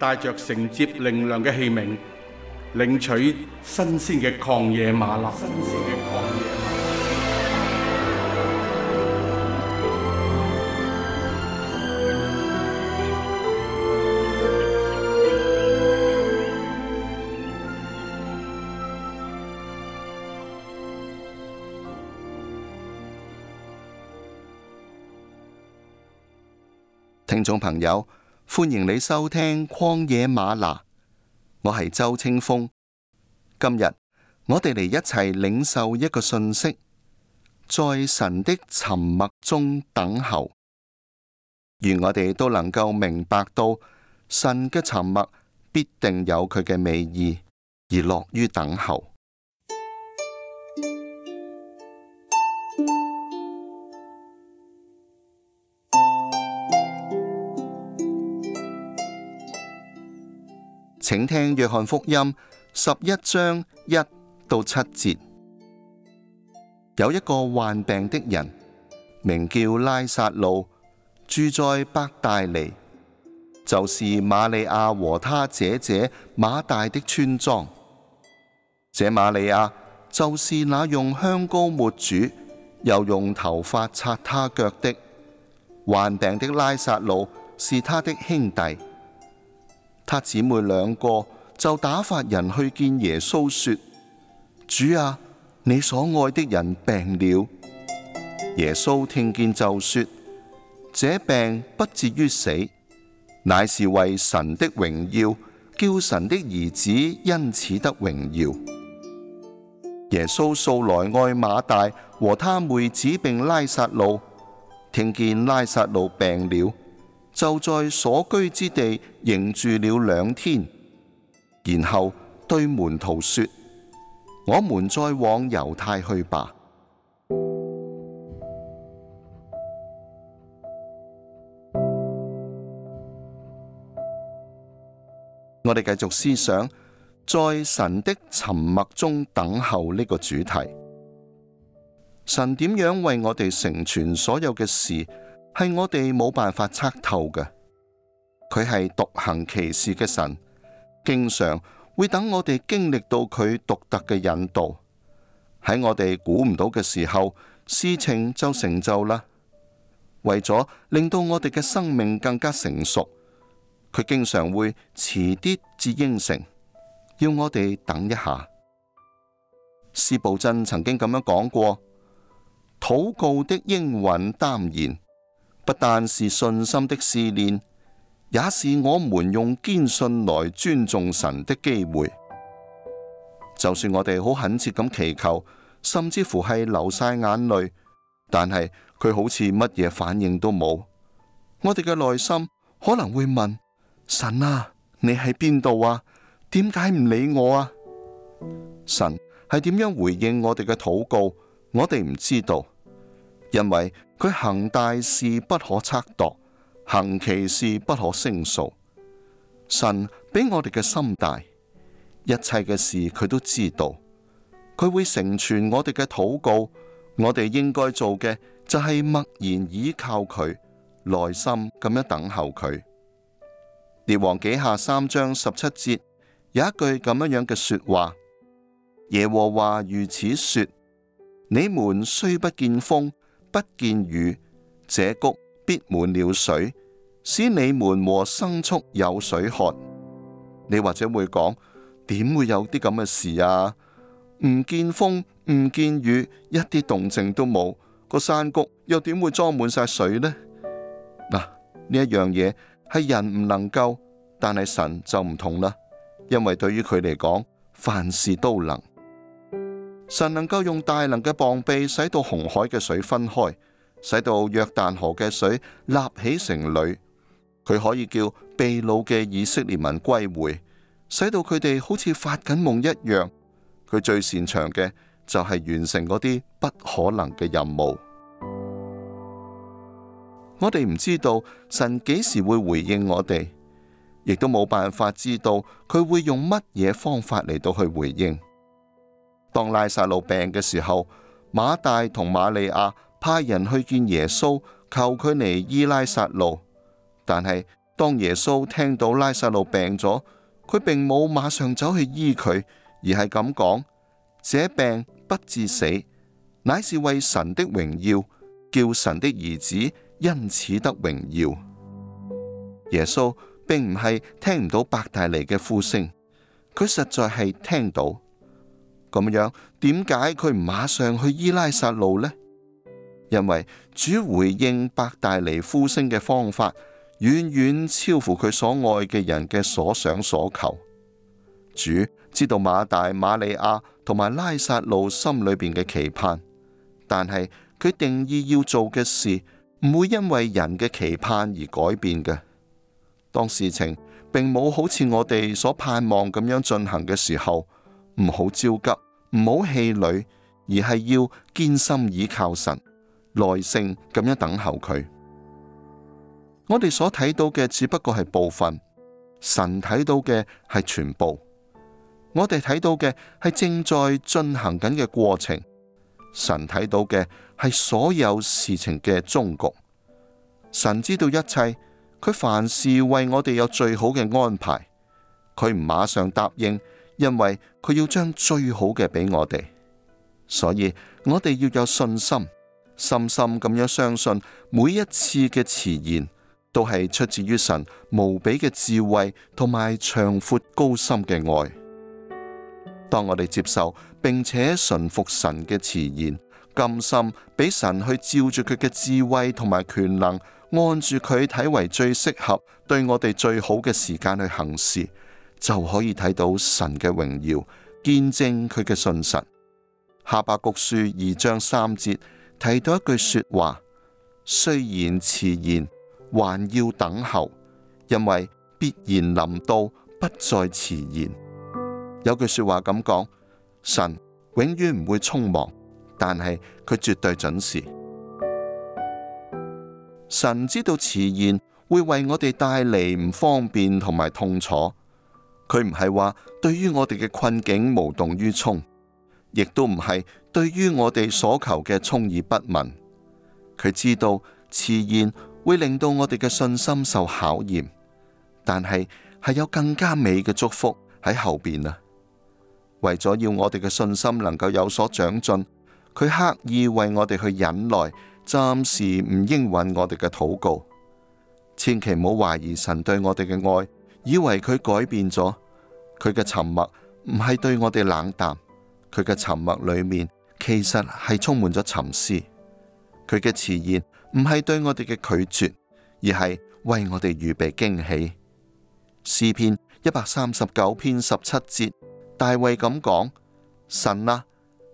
帶着承接靈糧嘅器皿，領取新鮮嘅曠野嗎哪。聽眾朋友。歡迎你收聽曠野嗎哪，我係周清風。今日我哋嚟一齊領受一個訊息，在神的沉默中等候，願我哋都能夠明白到神嘅沉默必定有佢嘅美意，而樂於等候。請聽約翰福音十一章一到七節。有一個患病的人，名叫拉撒路，住在伯大尼，就是瑪利亞和他姐姐馬大的村莊。這瑪利亞就是那用香膏抹主，又用頭髮擦他腳的。患病的拉撒路是他的兄弟。他姊妹兩個就打發人去見耶穌說，說：主啊，你所愛的人病了。耶穌聽見就說：這病不至於死，乃是為神的榮耀，叫神的兒子因此得榮耀。耶穌素，素來愛馬大和他妹子並拉撒路，聽見拉撒路病了。就在所居之地仍住了兩天，然後對門徒說：我們再往猶太去吧。 我哋繼續思想，在神的沉默中等候呢個主題。神點樣為我哋成全所有嘅事？係我哋冇辦法測透嘅，佢係獨行奇事嘅神，經常會等我哋經歷到佢獨特嘅引導，喺我哋估唔到嘅時候，事情就成就啦。為咗令到我哋嘅生命更加成熟，佢經常會遲啲至應承，要我哋等一下。司布真曾經咁樣講過：「禱告的應允耽延。不但是信心的試煉，也是我們用堅信來尊重神的機會。就算我哋好懇切咁祈求，甚至乎係流晒眼淚，但係佢好似乜嘢反應都冇。我哋嘅內心可能會問：神啊，你喺邊度啊？點解唔理我啊？神係點樣回應我哋嘅禱告？我哋唔知道，因為。佢行大事不可測度，行其事不可勝數。神比我哋嘅心大，一切嘅事佢都知道。佢會成全我哋嘅禱告。我哋應該做嘅就係默然依靠佢，內心咁樣等候佢。列王紀下三章十七節有一句咁樣樣嘅說話：耶和華如此說，你們雖不見風。不見雨，這谷必滿了水，使你們和牲畜有水喝。你或者會講，點會有啲咁嘅事啊？唔見風，唔見雨，一啲動靜都冇，個山谷又點會裝滿晒水呢？嗱，呢一樣嘢係人唔能夠，但係神就唔同啦，因為對於佢嚟講，凡事都能。神能夠用大能嘅膀臂，使到紅海嘅水分開，使到約旦河嘅水立起成壘。佢可以叫被擄嘅以色列民歸回，使到佢哋好似發緊夢一樣。佢最擅長嘅就係完成嗰啲不可能嘅任務。我哋唔知道神幾時會回應我哋，亦都冇辦法知道佢會用乜嘢方法嚟到去回應。當拉撒路病嘅時候，馬大同瑪利亞派人去見耶穌，求佢嚟醫拉撒路。但係當耶穌聽到拉撒路病咗，佢並冇馬上走去醫佢，而係咁講：這病不致死，乃是為神的榮耀，叫神的兒子因此得榮耀。耶穌並唔係聽唔到伯大尼嘅呼聲，佢實在係聽到。咁樣，點解佢唔馬上去醫拉撒路呢？因為主回應伯大尼呼聲嘅方法，遠遠超乎佢所愛嘅人嘅所想所求。主知道馬大、馬利亞同埋拉撒路心裏邊嘅期盼，但係佢定意要做嘅事，唔會因為人嘅期盼而改變嘅。當事情並冇好似我哋所盼望咁樣進行嘅時候，唔好焦急，唔好氣餒，而係要堅心倚靠神，耐性咁樣等候佢。我哋所睇到嘅只不過係部分，神睇到嘅係全部。我哋睇到嘅係正在進行緊嘅過程，神睇到嘅係所有事情嘅終局。神知道一切，佢凡事為我哋有最好嘅安排，佢唔馬上答應。因為佢要將最好嘅俾我哋，所以我哋要有信心，深深咁樣相信每一次嘅遲延都係出自於神無比嘅智慧同埋長闊高深嘅愛。當我哋接受並且順服神嘅遲延，甘心俾神去照住佢嘅智慧同埋權能，按住佢睇為最適合對我哋最好嘅時間去行事，就可以睇到神嘅榮耀，見證佢嘅信實。哈巴谷書二章三節提到一句說話，雖然遲延，還要等候，因為必然臨到，不再遲延。有句話說話咁講：神永遠唔會匆忙，但係佢絕對準時。神知道遲延會為我哋帶嚟唔方便同埋痛楚。佢唔係話對於我哋嘅困境無動於衷，亦都唔係對於我哋所求嘅充耳不聞。佢知道遲延會令到我哋嘅信心受考驗，但係係有更加美嘅祝福喺後邊啊！為咗要我哋嘅信心能夠有所長進，佢刻意為我哋去忍耐，暫時唔應允我哋嘅禱告。千祈唔好懷疑神對我哋嘅愛。以為佢改變咗，佢嘅沉默唔係對我哋冷淡，佢嘅沉默裏面其實係充滿咗沉思。佢嘅遲延唔係對我哋嘅拒絕，而係為我哋預備驚喜。詩篇一百三十九篇十七節，大衛咁講：神啊，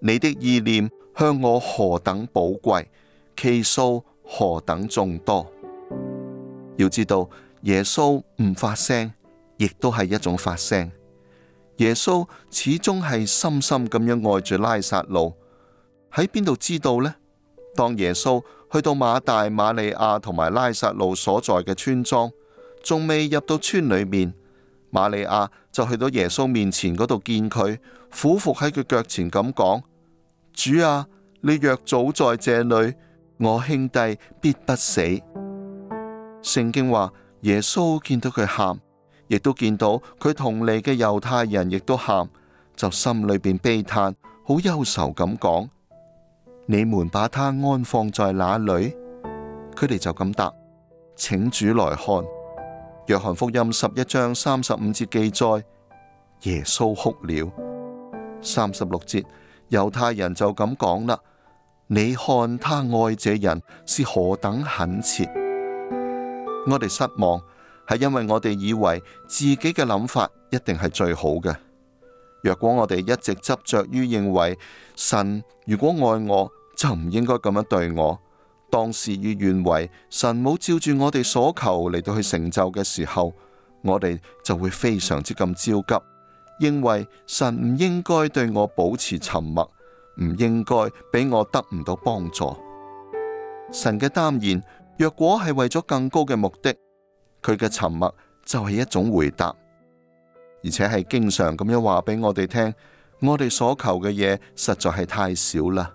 你的意念向我何等寶貴，其數何等眾多。要知道。耶穌唔發聲，亦都係一種發聲。耶穌始終係深深咁樣愛住拉撒路，喺邊度知道呢？當耶穌去到馬大、瑪利亞同埋拉撒路所在嘅村莊，仲未入到村裏面，瑪利亞就去到耶穌面前嗰度見佢，俯伏喺佢腳前咁講：主啊，你若早在這裏，我兄弟必不死。聖經話。耶穌見到佢喊，亦都見到佢同嚟嘅猶太人，亦都喊，就心裏邊悲嘆，好憂愁咁講：你們把他安放在哪裏？佢哋就咁答：請主來看。約翰福音十一章三十五節記載：耶穌哭了。三十六節猶太人就咁講啦：你看他愛這人是何等懇切。我哋失望係因為我哋以為自己嘅諗法一定係最好嘅。若果我哋一直執着於認為神如果愛我，就唔應該咁樣對我。當事與願違，神冇照住我哋所求嚟到去成就嘅時候，我哋就會非常之咁焦急，認為神唔應該對我保持沉默，唔應該俾我得唔到幫助。神嘅耽延。若果係為咗更高嘅目的，佢嘅沉默就係一種回答，而且係經常咁樣話俾我哋聽。我哋所求嘅嘢實在係太少啦。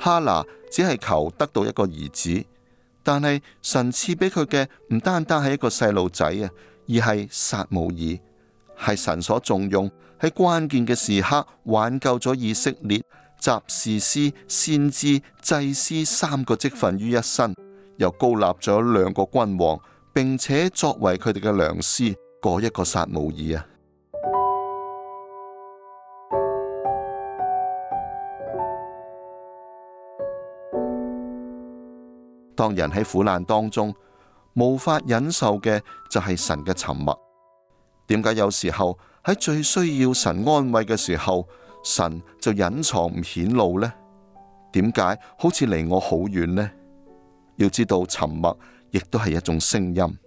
哈拿只係求得到一個兒子，但係神賜俾佢嘅唔單單係一個細路仔啊，而係撒母耳，係神所重用，喺關鍵嘅時刻挽救咗以色列、集士師、先知、祭司三個職分於一身。又高立咗兩個君王，並且作為佢哋嘅良師過一個撒母耳啊！當人喺苦難當中，無法忍受嘅就係神嘅沉默。點解有時候喺最需要神安慰嘅時候，神就隱藏唔顯露呢？點解好似離我好遠呢？要知道沉默亦都係一種聲音，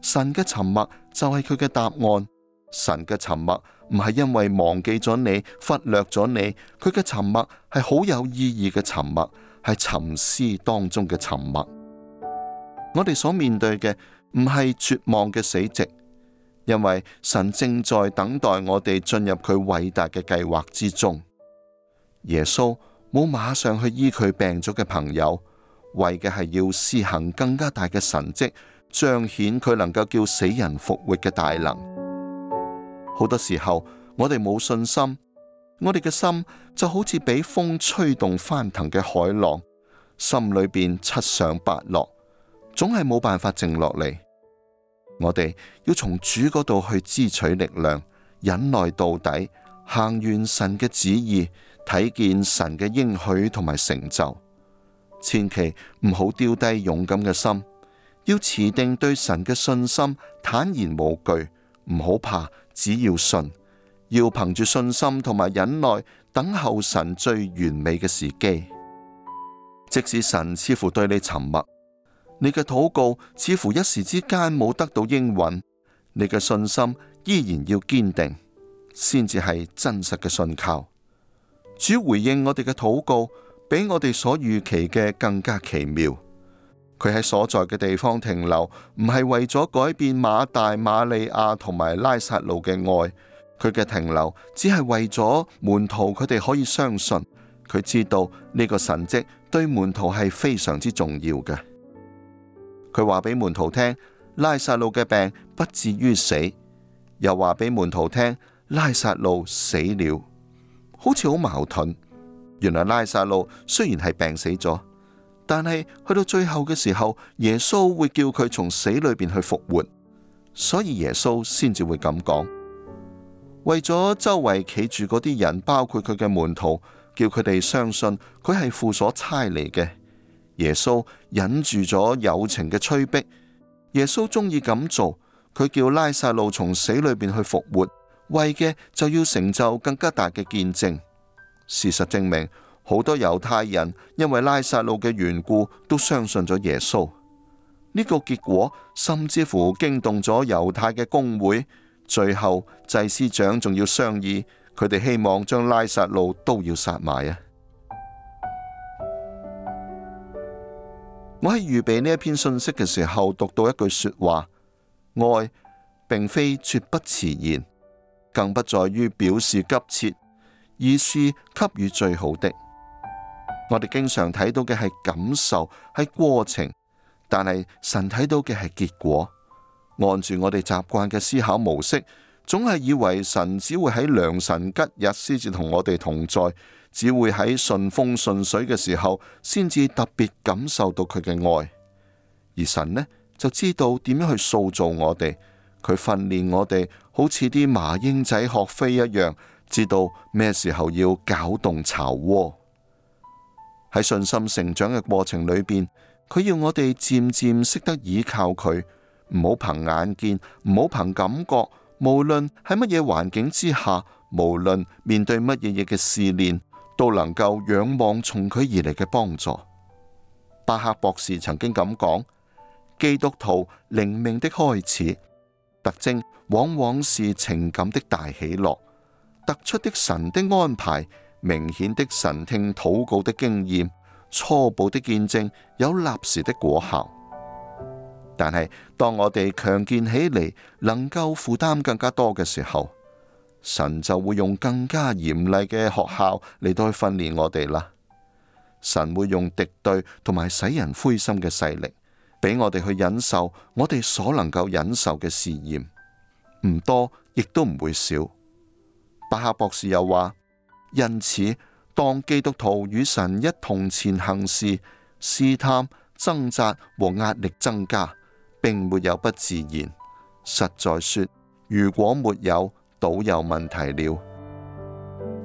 神嘅沉默就係佢嘅答案。神嘅沉默唔係因為忘記咗你、忽略咗你，佢嘅沉默係好有意義嘅沉默，係沉思當中嘅沉默。我哋所面對嘅唔係絕望嘅死寂，因為神正在等待我哋進入佢偉大嘅計劃之中。耶穌冇馬上去醫佢病咗嘅朋友。為嘅係要施行更加大嘅神蹟，彰顯佢能夠叫死人復活嘅大能。好多時候我哋冇信心，我哋嘅心就好似俾風吹動翻騰嘅海浪，心裏面七上八落，總係冇辦法靜落嚟。我哋要從主嗰度去支取力量，忍耐到底，行完神嘅旨意，睇見神嘅應許同埋成就。千祈唔好丟低勇敢嘅心，要持定對神嘅信心，坦然無懼，唔好怕，只要信，要憑住信心同埋忍耐，等候神最完美嘅時機。即使神似乎對你沉默，你嘅禱告似乎一時之間冇得到應允，你嘅信心依然要堅定，先至係真實嘅信靠。主回應我哋嘅禱告。比我哋所預期嘅更加奇妙，佢喺所在嘅地方停留，唔係為咗改變馬大、馬利亞同埋拉撒路嘅愛，佢嘅停留只係為咗門徒佢哋可以相信，佢知道呢個神蹟對門徒係非常之重要嘅。佢話俾門徒聽，拉撒路嘅病不至於死，又話俾門徒聽，拉撒路死了，好似好矛盾。原來拉撒路雖然係病死咗，但係去到最後嘅時候，耶穌會叫佢從死裏邊去復活，所以耶穌先至會咁講。為咗周圍企住嗰啲人，包括佢嘅門徒，叫佢哋相信佢係父所差嚟嘅，耶穌忍住咗友情嘅催逼。耶穌中意咁做，佢叫拉撒路從死裏邊去復活，為嘅就要成就更加大嘅見證。事實證明，好多猶太人因為拉撒路嘅緣故，都相信咗耶穌。呢、這個結果，甚至乎驚動咗猶太嘅公會，最後祭司長仲要商議，佢哋希望將拉撒路都要殺埋啊！我喺預備呢一篇信息嘅時候，讀到一句說話：愛並非絕不遲延，更不在於表示急切。而是給予最好的。我哋經常睇到嘅係感受，係過程，但係神睇到嘅係結果。按住我哋習慣嘅思考模式，總係以為神只會喺良辰吉日先至同我哋同在，只會喺順風順水嘅時候先至特別感受到佢嘅愛。而神呢，就知道點樣去塑造我哋，佢訓練我哋，好似啲麻鷹仔學飛一樣。知道咩時候要攪動巢窩。喺信心成長嘅過程裏邊，佢要我哋漸漸識得倚靠佢，唔好憑眼見，唔好憑感覺，無論喺乜嘢環境之下，無論面對乜嘢嘢嘅試煉，都能夠仰望從佢而嚟嘅幫助。巴克博士曾經咁講，基督徒靈命的開始特徵，往往是情感的大起落。突出的神的安排，明顯的神聽禱告的經驗，初步的見證，有立時的果效。但係當我哋強健起嚟，能夠負擔更加多嘅時候，神就會用更加嚴厲嘅學校嚟到去訓練我哋啦。神會用敵對同埋使人灰心嘅勢力，俾我哋去忍受我哋所能夠忍受嘅試驗，唔多亦都唔會少。巴克博士又話：因此，當基督徒與神一同前行時，試探、掙扎和壓力增加，並沒有不自然。實在說，如果沒有，倒有問題了。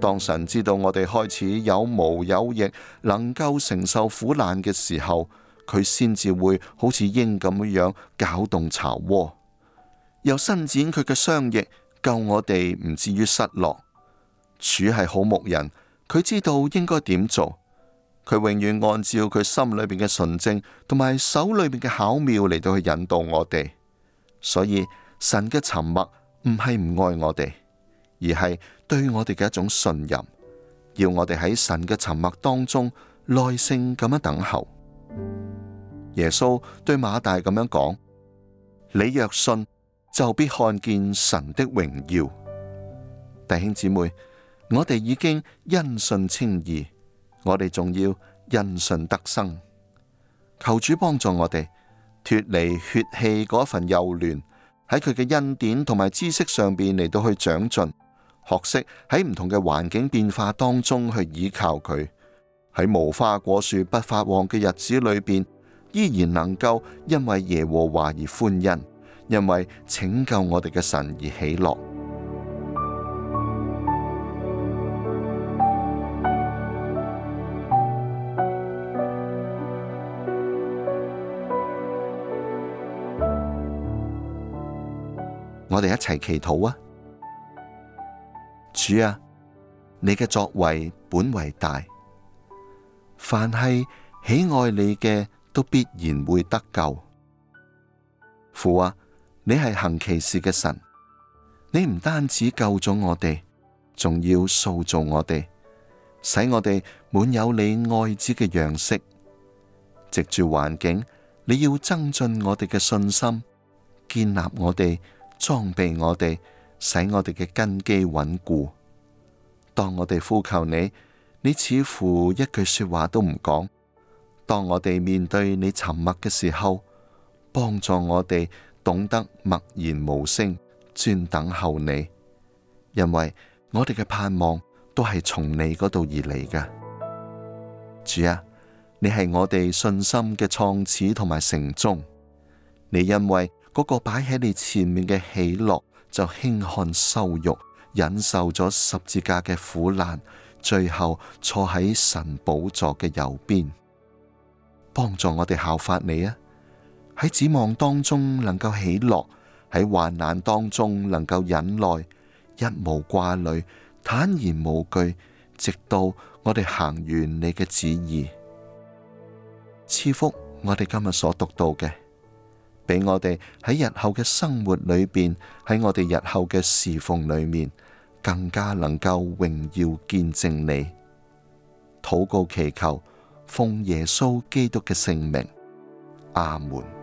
當神知道我哋開始有毛有翼，能夠承受苦難嘅時候，佢先至會好似鷹咁樣攪動巢窩，又伸展佢嘅雙翼，救我哋唔至於失落。主係好牧人，佢知道應該點做，佢永遠按照佢心裏邊嘅純正同埋手裏邊嘅巧妙嚟到去引導我哋。所以神嘅沉默唔係唔愛我哋，而係對我哋嘅一種信任，要我哋喺神嘅沉默當中耐性咁樣等候。耶穌對馬大咁樣講：你若信。就必看見神的榮耀，弟兄姊妹，我哋已經因信稱義，我哋仲要因信得生。求主幫助我哋脫離血氣嗰份幼嫩，喺佢嘅恩典同埋知識上邊嚟到去長進，學識喺唔同嘅環境變化當中去倚靠佢，喺無花果樹不發旺嘅日子裏邊，依然能夠因為耶和華而歡欣。因為拯救我哋嘅神而喜樂，我哋一齊祈禱啊！主啊，你嘅作為本為大，凡係喜愛你嘅都必然會得救。父啊！你係行奇事嘅神，你唔單止救咗我哋，仲要塑造我哋，使我哋滿有你愛子嘅樣式。藉住環境，你要增進我哋嘅信心，建立我哋，裝備我哋，使我哋嘅根基穩固。當我哋呼求你，你似乎一句說話都唔講；當我哋面對你沉默嘅時候，幫助我哋。懂得默然無聲，專等候你，因為我哋嘅盼望都係從你嗰度而嚟嘅。主啊，你係我哋信心嘅創始同埋成終。你因為嗰個擺喺你前面嘅喜樂，就輕看羞辱，忍受咗十字架嘅苦難，最後坐喺神寶座嘅右邊，幫助我哋效法你啊！喺指望當中能夠喜樂，喺患難當中能夠忍耐，一無掛慮，坦然無懼，直到我哋行完你嘅旨意。賜福我哋今日所讀到嘅，俾我哋喺日後嘅生活裏邊，喺我哋日後嘅侍奉裏面，更加能夠榮耀見證你。禱告祈求，奉耶穌基督嘅聖名，阿門。